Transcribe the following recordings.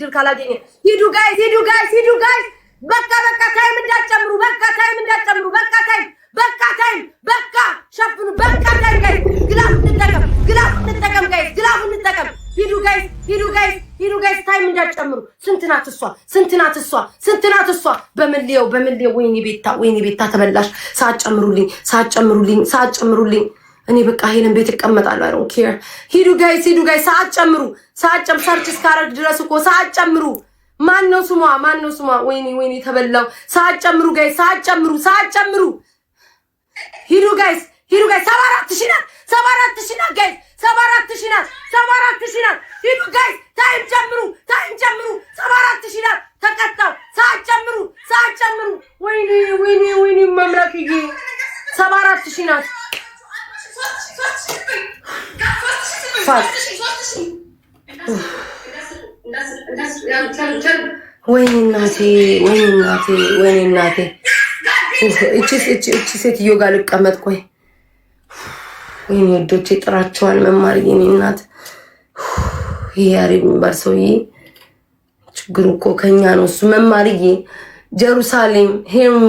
ድል ካላገኘ ሂዱ ጋይስ ሂዱ ጋይ ሂዱ ጋይ። በቃ በቃ ታይም እንዳትጨምሩ። በቃ ታይም እንዳትጨምሩ። በቃ ታይም በቃ ታይም በቃ ሸፍኑ። በቃ ታይም ጋይ ግላፍ እንጠቀም፣ ግላፍ እንጠቀም፣ ጋይ ግላፍ እንጠቀም። ሂዱ ጋይስ ሂዱ ጋይ ሂዱ ጋይ። ታይም እንዳትጨምሩ። ስንት ናት እሷ? ስንት ናት እሷ? ስንት ናት እሷ? በመለየው በመለየው። ወይኔ ቤታ፣ ወይኔ ቤታ ተበላሽ። ሳጨምሩልኝ፣ ሳጨምሩልኝ፣ ሳትጨምሩልኝ ሳጨምሩልኝ ሳጨምሩልኝ እኔ በቃ ሄለን ቤት እቀመጣለሁ። አይ ዶንት ኬር። ሂዱ ጋይስ፣ ሂዱ ጋይስ። ሰዓት ጨምሩ፣ ሰዓት ጨም ሰርች እስካረግ ድረስ እኮ ሰዓት ጨምሩ። ማን ነው ስሟ? ማን ነው ስሟ? ወይኔ ወይኔ፣ ተበላው። ሰዓት ጨምሩ ጋይስ፣ ሰዓት ጨምሩ፣ ሰዓት ጨምሩ። ሂዱ ጋይስ፣ ሂዱ ጋይስ። ሰባ አራት ሺህ ናት፣ ሰባ አራት ሺህ ናት ጋይስ፣ ሰባ አራት ሺህ ናት፣ ሰባ አራት ሺህ ናት። ሂዱ ጋይስ፣ ታይም ጨምሩ፣ ታይም ጨምሩ። ሰባ አራት ሺህ ናት። ተቀጣው። ሰዓት ጨምሩ፣ ሰዓት ጨምሩ። ወይኔ ወይኔ ወይኔ፣ ማምላክ ይሄ ሰባ አራት ሺህ ናት። ወይኔ እናቴ ወይኔ እናቴ ወይኔ እናቴ እቺ ሴትዮ ጋር ልቀመጥ። ቆይ ወይኔ ወዶቼ ጥራቸዋል መማር የኔ እናት። ይሄ ያሬድ የሚባል ሰውዬ ችግሩ እኮ ከኛ ነው እሱ መማርዬ ጀሩሳሌም ሄርሚ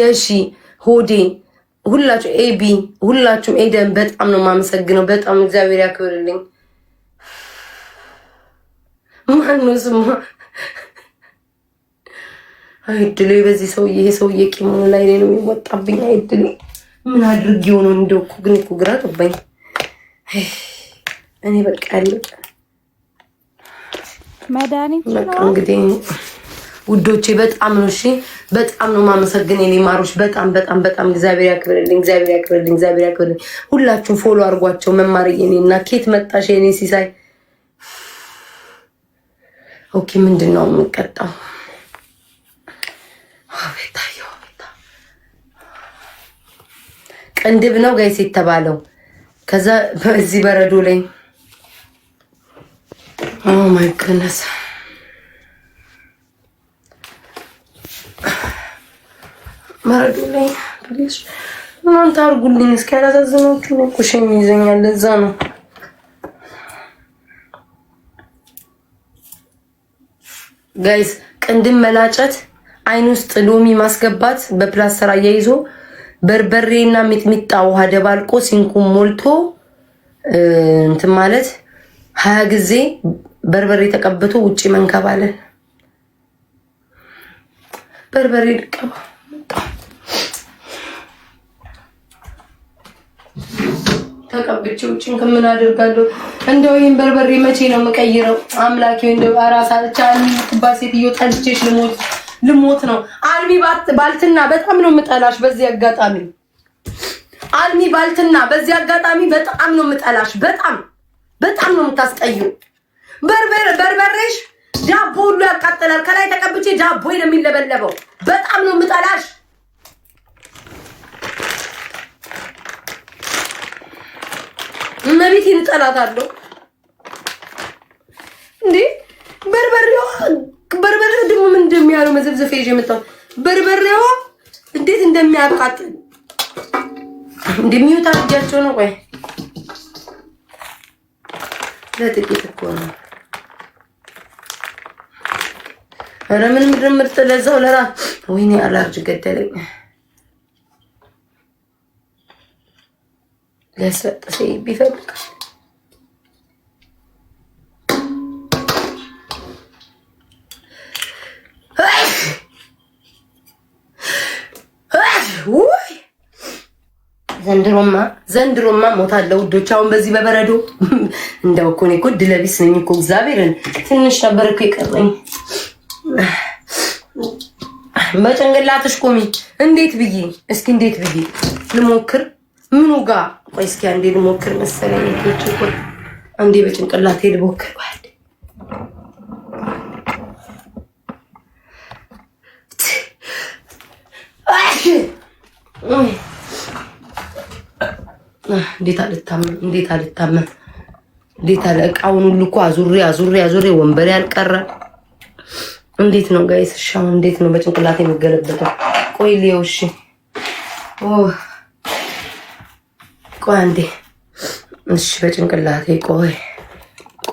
የሺ ሆዴ ሁላችሁ ኤቢ ሁላችሁም ኤደን በጣም ነው የማመሰግነው። በጣም እግዚአብሔር ያክብርልኝ። ማነው ስማ አይድሉ በዚህ ሰውዬ ይሄ ሰውዬ ቂሙ ላይ ነው የሚወጣብኝ። አይድሎ ምን አድርግ የሆነው እንደው እኮ ግን እኮ ግራ ገባኝ። እኔ በቃ ያለቀ መድኃኒት ነው እንግዲህ ውዶቼ በጣም ነው እሺ በጣም ነው ማመሰግን የኔ ማሮች። በጣም በጣም በጣም እግዚአብሔር ያክብርልኝ፣ እግዚአብሔር ያክብርልኝ፣ እግዚአብሔር ያክብርልኝ። ሁላችሁም ፎሎ አድርጓቸው። መማር የኔ እና ኬት መጣሽ የኔ ሲሳይ። ኦኬ ምንድን ነው የምንቀጣው? ቅንድብ ነው ጋይስ የተባለው። ከዛ በዚህ በረዶ ላይ ኦ ማይ ጎድነስ መረዱ ላይ ፕሊዝ እናንተ አርጉልኝ። እስኪ ያላሳዝናችሁ ነው። ቁሽኝ ይዘኛል። ለዛ ነው ጋይስ ቅንድም መላጨት፣ አይን ውስጥ ሎሚ ማስገባት፣ በፕላስተር አያይዞ በርበሬና ሚጥሚጣ ውሃ ደባልቆ ሲንኩም ሞልቶ እንትን ማለት ሀያ ጊዜ በርበሬ ተቀብቶ ውጭ መንከባለን በርበሬ ልቀባ ተቀብቼ ውጭን ከምን አደርጋለሁ? እንደው ይህን በርበሬ መቼ ነው የምቀይረው? አምላኬ እንደው ራሳ ብቻ ሴትዮ ጠልቼሽ ልሞት ልሞት ነው። አልሚ ባልትና በጣም ነው የምጠላሽ። በዚህ አጋጣሚ አልሚ ባልትና በዚህ አጋጣሚ በጣም ነው የምጠላሽ። በጣም በጣም ነው በርበር በርበሬሽ ዳቦ ሁሉ ያቃጥላል። ከላይ ተቀብቼ ዳቦ ነው የሚለበለበው። በጣም ነው የምጠላሽ። እመቤቴን እጠላታለሁ እንዴ! በርበሬዋ በርበሬው ደግሞ ምን እንደሚያለው መዘብዘፍ ይዤ መጣሁ። በርበሬዋ እንዴት እንደሚያቃጥል እንደሚወጣ እጃቸው ነው። ቆይ ለጥቂት እኮ ነው። ኧረ ምንም ድምር ለዛው ለራ ወይኔ አላርጅ ገደለኝ። ሊያስለጥሴ ቢፈልጋል ዘንድሮማ ዘንድሮማ ሞታለሁ ውዶች። አሁን በዚህ በበረዶ እንደው እኮ እኔ እኮ እድለ ቢስ ነኝ እኮ እግዚአብሔርን። ትንሽ ነበር እኮ የቀረኝ በጭንቅላትሽ ቆሚ። እንዴት ብዬ እስኪ እንዴት ብዬ ልሞክር ምኑ ጋ ቆይ እስኪ አንዴ ልሞክር መሰለኝ። ልጆች እኮ አንዴ በጭንቅላቴ ልሞክር። ባል እንዴት አልታመም! እንዴት አልታመም! እንዴት አለ እቃውን ሁሉ እኮ አዙሬ አዙሬ አዙሬ ወንበሬ አልቀረ። እንዴት ነው ጋይስ? እሺ አሁን እንዴት ነው በጭንቅላቴ የሚገለበጠው? ቆይ ልየው። እሺ ቆይ አንዴ። እሺ በጭንቅላቴ ቆይ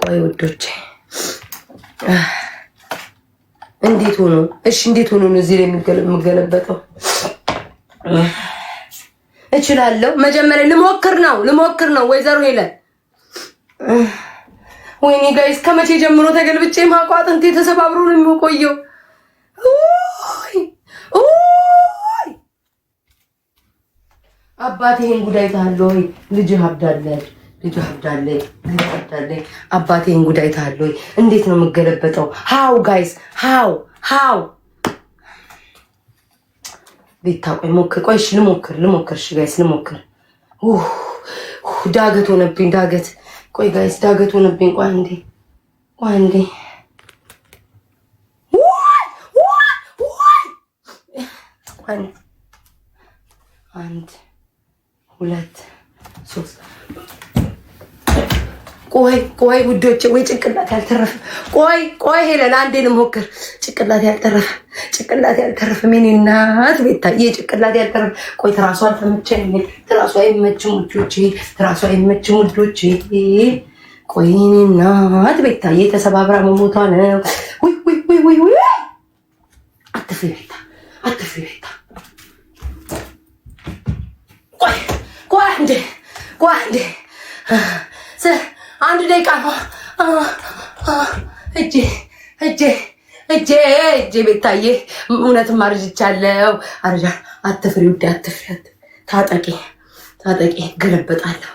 ቆይ ውዶቼ እንዴት ሆኖ እሺ፣ እንዴት ሆኖ ነው እዚህ ላይ የምገለበጠው? እችላለሁ። መጀመሪያ ልሞክር ነው ልሞክር ነው። ወይዘሮ ሄለ ወይኔ ጋይስ፣ ከመቼ ጀምሮ ተገልብጬ ማቋጥንቴ ተሰባብሮ ነው የሚቆየው? አባት ይሄን ጉዳይ ታለ ወይ ልጅ ሀብዳለች ልጅ ሀብዳለች ልጅ ሀብዳለች አባት ይሄን ጉዳይ ታለ ወይ እንዴት ነው የምገለበጠው? ሃው ጋይስ ሃው ሃው ቤታ ቆይ ሞክር ቆይ እሺ ልሞክር ልሞክር እሺ ጋይስ ልሞክር ዳገት ሆነብኝ ዳገት ቆይ ጋይስ ዳገት ሆነብኝ ቆይ አንዴ ቆይ አንዴ አንድ ሁለት ሶስት። ቆይ ቆይ ውዶች፣ ወይ ጭንቅላት ያልተረፈ ቆይ ቆይ፣ ሄለን አንዴን ሞክር። ጭንቅላት ያልተረፈ ጭንቅላት ያልተረፈ ምን እናት ቤታ ይሄ ጭንቅላት ያልተረፈ። ቆይ ትራሷ አልተመቸኝ። ትራሷ አይመችም ውዶች፣ ትራሷ አይመችም ውዶች። ቆይ እኔ እናት ቤታ ይሄ ተሰባብራ መሞቷ ነው። አትፍሪ ቤታ፣ ውይ ውይ ውይ ውይ፣ አትፍሪ ቤታ፣ አትፍሪ ቤታ አንዴ ቆይ፣ አንዴ አንድ ደቂቃ ነው። እጄ እጄ እጄ እጄ ቤታዬ እውነትም አርጅቻለሁ። አርጃ አትፍሪ ውዴ፣ አትፍሪ። ታጠቂ ታጠቂ፣ ገለበጣለሁ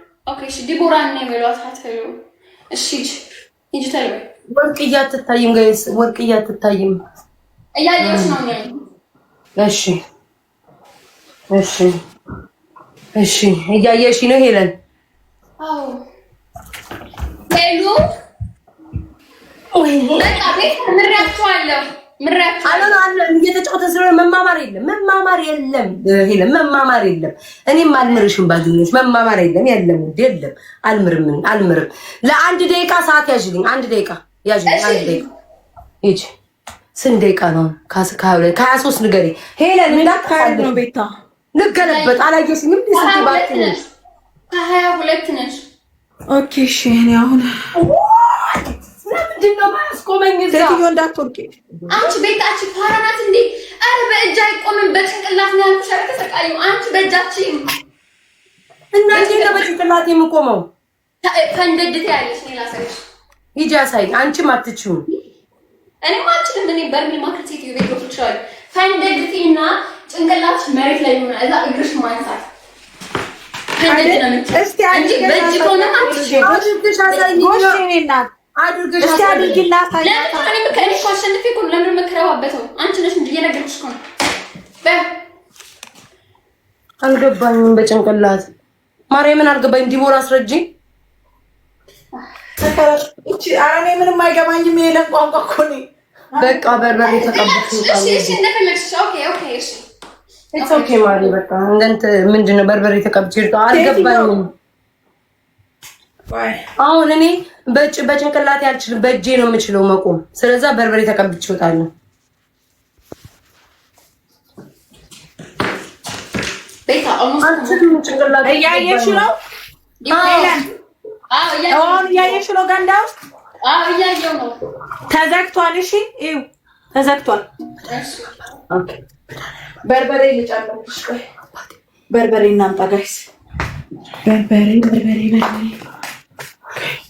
ኦኬ እሺ፣ ዲቦራ ነው የሚሏት አትሉ። እሺ ሂጂ ሂጂ ተልበይ። ወርቅዬ አትታይም ጋይስ፣ ወርቅዬ አትታይም። እያየሁሽ ነው የሚያይ። እሺ እሺ እሺ፣ እያየሽ ነው ሄለን። አዎ ሄሉ ወይ በቃ ቤት ምሪያቸዋለሁ እየተጫወተ ስለሆነ መማማር የለም፣ መማማር የለም፣ መማማር የለም። እኔም አልምርሽም ባገኘሁሽ መማማር የለም፣ የለም፣ የለም። አልምርም፣ አልምርም። ለአንድ ደቂቃ ሰዓት ያዥልኝ፣ አንድ ደቂቃ ያዥልኝ፣ አንድ ደቂቃ ይቺ ስንት ደቂቃ ነው? ከሀያ ሶስት ንገሪ ሄለን። እንዳትነው ቤታ ልገለበጥ አላየሽኝም። ስንት ባት ከሀያ ሁለት ነሽ። ኦኬ እሺ። እኔ አሁን ምንድን ነው ማያስቆመኝ? ሴትዮ እንዳትወርቂ አንቺ ቤት አንቺ እንዴ? አረ በእጅ አይቆምም በጭንቅላት ነው ያልኩሽ። ተሰቃዩ አንቺ በእጃችን እናቴ በጭንቅላት የምቆመው ፈንደድት ያለሽ እኔ ላሳይሽ። ሂጂ አሳይኝ። አንቺም አትችይውም። እኔ አልችልም። እኔ በርሚል ማክል ሴትዮ ቤት ወጥቼ ፈንደድት እና ጭንቅላትሽ መሬት ላይ ሆና እዛ እግርሽ ማንሳት ፈንደድ ነው። እስቲ አንቺ በእጅ ከሆነ አትችይውም። አድርገሽ እስቲ አድርግላት። አልገባኝም። በጭንቅላት ማርያምን አልገባኝ። ዲቦራ አስረጅኝ። እቺ አራኔ ምንም አይገባኝም። የለም ቋንቋ እኮ ነው። በቃ በርበሬ ተቀብቶ ማሪ በቃ እንደንት ምንድን ነው በርበሬ ተቀብቼ አልገባኝም። አሁን እኔ በጭንቅላት ያልችል በእጄ ነው የምችለው መቆም። ስለዛ በርበሬ ተቀብቼ እወጣለሁ። እያየሽ ነው ገንዳ ተዘግቷል። እሺ ይኸው ተዘግቷል። በርበሬ ልጨምርልሽ። በርበሬ እናምጣ ጋይስ። በርበሬ በርበሬ በርበሬ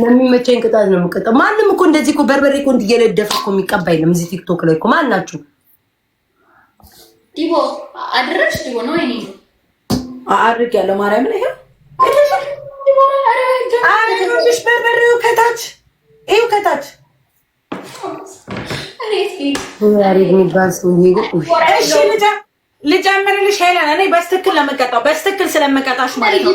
ለሚመቸኝ ቅጣት ነው የምቀጣው። ማንም እኮ እንደዚህ እኮ በርበሬ እኮ እንዲየነደፈ እኮ የሚቀባ የለም እዚህ ቲክቶክ ላይ እኮ ማን ናችሁ? ዲቦ አድረሽ ዲቦ ነው ይኔ አድርግ ያለው ማርያም ነው። ይሄው አድርግሽ በርበሬው ከታች ይሄው ከታች ልጨምርልሽ ሄለን፣ እኔ በስትክል ለመቀጣው በስትክል ስለመቀጣሽ ማለት ነው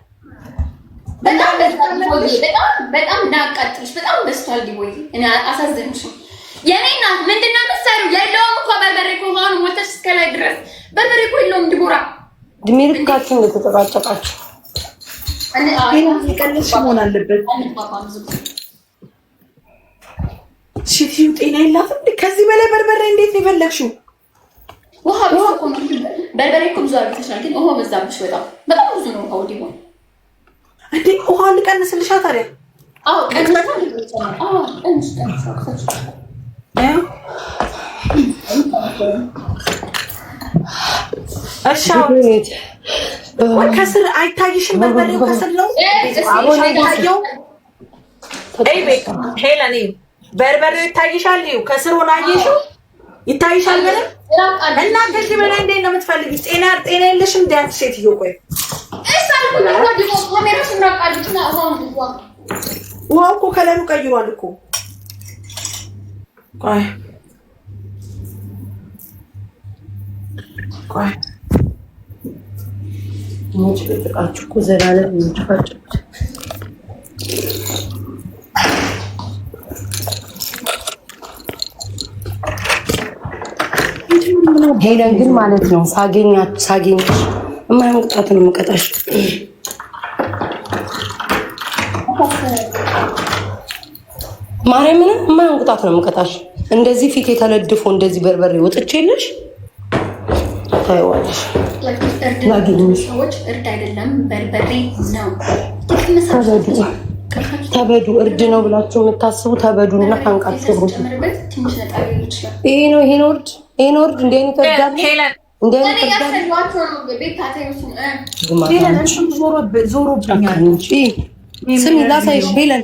በጣም በጣም እናቃጥልሽ በጣም በስቷል። ዲቦይ እኔ አሳዘንሽ። የኔ እናት የምትሰሪው? የለውም እኮ በርበሬ እኮ አሁን ሞተሽ እስከ ላይ ድረስ በርበሬ እኮ የለውም። እድሜ ልካችሁ እንደተጨቃጨቃችሁ መሆን አለበት። ጤና የላትም። ከዚህ በላይ በርበሬ እንዴት ነው የፈለግሽው? ውሃ በርበሬ እኮ ብዙ ግን ውሃ በጣም በጣም ብዙ ነው ዲቦራ እንዴ ውሃ ልቀንስልሻ ታዲያ ከስር አይታይሽም? በርበሬው ከስር ነው ታየው። ሄለን በርበሬው ይታይሻል? ከስር ሆነ አየሽው? ይታይሻል? ምንም እና ከዚህ በላይ እንዴት ነው የምትፈልጊው? ጤና ጤና የለሽም? እንደ አንቺ ሴትዮ ቆይ ውሃው እኮ ከለሩ ቀይሯል እኮ። ቆይ ቆይ ጭቅጭቃችሁ እኮ ዘላለም የሚጨቃጨቁት ሄለን ግን ማለት ነው። ሳገኛችሁ ሳገኝሽ የማይሆን ቅጣት ነው የምቀጣሽ። ማርያምን የማይሆን ነው የምቀጣሽ። እንደዚህ ፊት የተለድፎ እንደዚህ በርበሬ ወጥች የለሽ ታይዋለሽ። ተበዱ እርድ ነው ብላችሁ የምታስቡ ተበዱና አንቃችሁ ይሄ ነው ይሄ ነው እርድ ይሄ ነው እርድ ዞሮብኛል። ስሚ ላሳይሽ ሄለን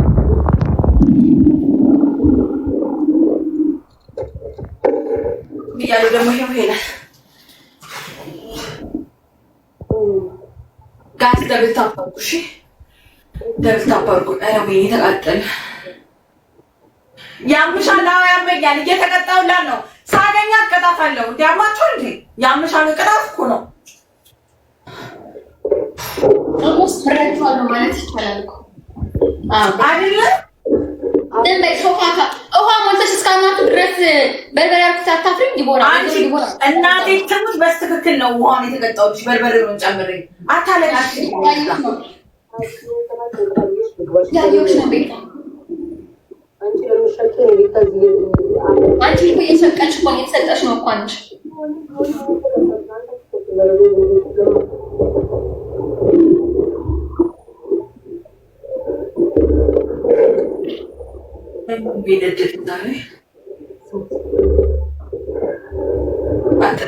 ብያለሁ። ደግሞ ይሄው ይሄዳል። ጋዝ ደብል ታፕ አድርጉ። እሺ ደብል ታፕ አድርጉ። ኧረ ያምሻል። አዎ ያመኛል። እየተቀጣሁላት ነው። ሳገኛ እቀጣታለሁ። እንዲያማቸው እንዴ ያምሻል። ቅጣት እኮ ነው። ሞስ ማለት ይቻላል አይደለም ውሃ ሞልተሽ እስካናቱ ድረስ በርበሬ አልኩት። አታፍሪም ዲቦራ? እናቴ ትሙት። በስትክክል ነው ውሃውን የተቀጣሁልሽ። በርበሬ ነው ጨምሬ። አታለናሽ ነው ቤታ እኮ እየሸቀልሽ ነው እኮ አንቺ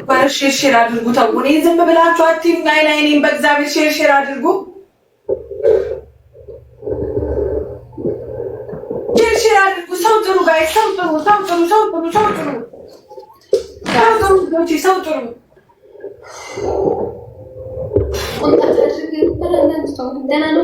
ባሽ ሼር ሼር አድርጉ። ተው እኔ ዝም ብላችሁ አቲቭ ናይ ናይ እኔም በእግዚአብሔር ሼር ሼር አድርጉ። ሼር ሼር አድርጉ። ሰው ጥሩ ጋይ ሰው ጥሩ ሰው ጥሩ ሰው ጥሩ ሰው ጥሩ ሰው ጥሩ ሰው ጥሩ ደህና ነው።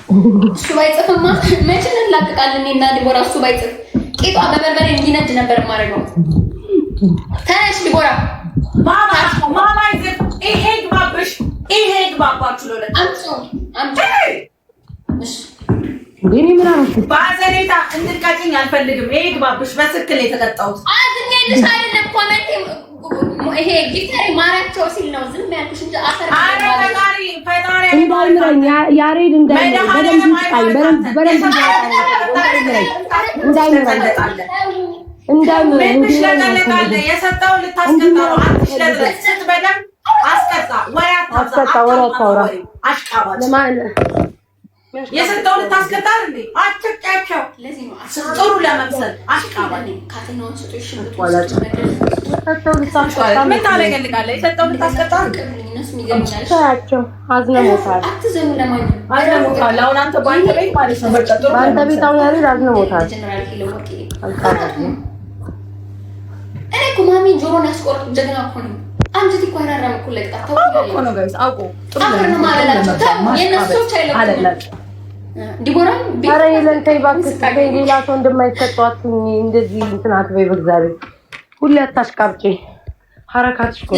እሱ ባይጽፍማ መች እንላቅቃለን እና ዲቦራ። እሱ ባይጽፍ ቂጧ በበርበሬ እንዲነድ ነበር የማደርገው። ተነሽ ዲቦራ። ይሄ ግባብሽ፣ ይሄ ግባባችሁ እኔ ምን አልኩት? በአዘኔታ እንድትቀጭኝ አልፈልግም። ይሄ ግባብሽ። በስክል የተቀጣሁት አዝሜልሽ አይደለም ኮመንት ይሄ ጊታሪ ማራቸው ሲል ነው ዝም ያልኩሽ እንጂ አፈር አረ ፈጣሪ ፈጣሪ እንዳይምረኝ ያሬድ እንዳይምረኝ በደንብ ይጣል በደንብ በደንብ እንዳይምረኝ እንዳይምረኝ እንዳይምረኝ የሰጠው ልታስቀጣው አትሽለለ ስትበደም አስቀጣ ወሬ አታውራ አሽቃባጭ ለማን የሰጠውን ልታስገጣር እንዴ? አጨቃቸው ጥሩ ለመምሰል አሽቃባል። ምን ታለገልጋለህ? አዝነሞታል፣ እኔ እኮ ማሚ ጆሮን ጀግና እኮ ነው። አንጀት እኮ አይራራም እኮ ነው ጋይስ ጥሩ ነው የነሱ ዲቦራን ኧረ ለንተይ እባክሽ ሌላ ሰው እንደማይሰጧት እንደዚህ እንትን አትበይ። በእግዚአብሔር ሁሌ አታሽቃብጪ። ሀረካትሽ እኮ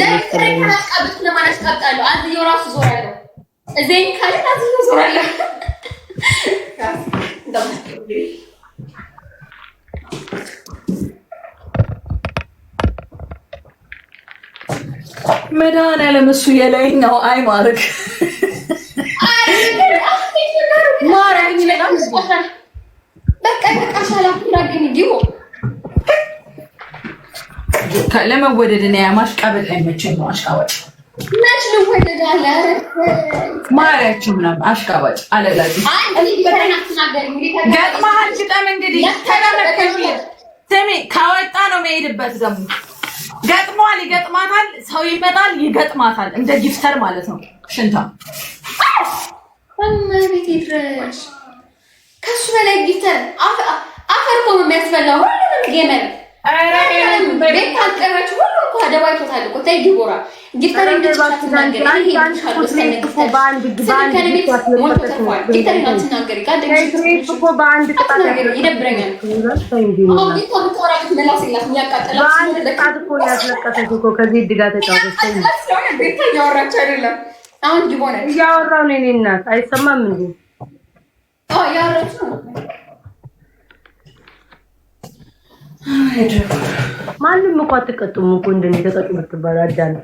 መድኃኒዓለም እሱ የላይኛው አይ ማድረግ ማረኝ ለመወደድ ነው። ማሽቃበጥ አይመቸኝም ነው። አሽቃባጭ መች ልወደድ አለ ምናምን አሽቃባጭ አለላችሁ። ገጥመሃል ግጠም እንግዲህ ስሚ፣ ከወጣ ነው መሄድበት። ዘሙ ገጥሟል፣ ይገጥማታል። ሰው ይመጣል፣ ይገጥማታል። እንደ ጊፍተር ማለት ነው ሽንታ መማር ድረሽ ከሱ በላይ ጊፍተር አፈር እኮ የሚያስፈላ ሁሉንም የመን ቤት ታቀረች ሁሉ እኮ ደባይቶታል እኮ ተይ ዲቦራ ጊፍተር እንደቻትናገር ይሄ ይደብረኛል አሁን ዲቦና እያወራሁ ነው። እኔ እናት አይሰማም እንዴ? ኦ ማንም እኮ አትቀጡም እኮ እንደኔ ተቀጡ ብትባል አዳነ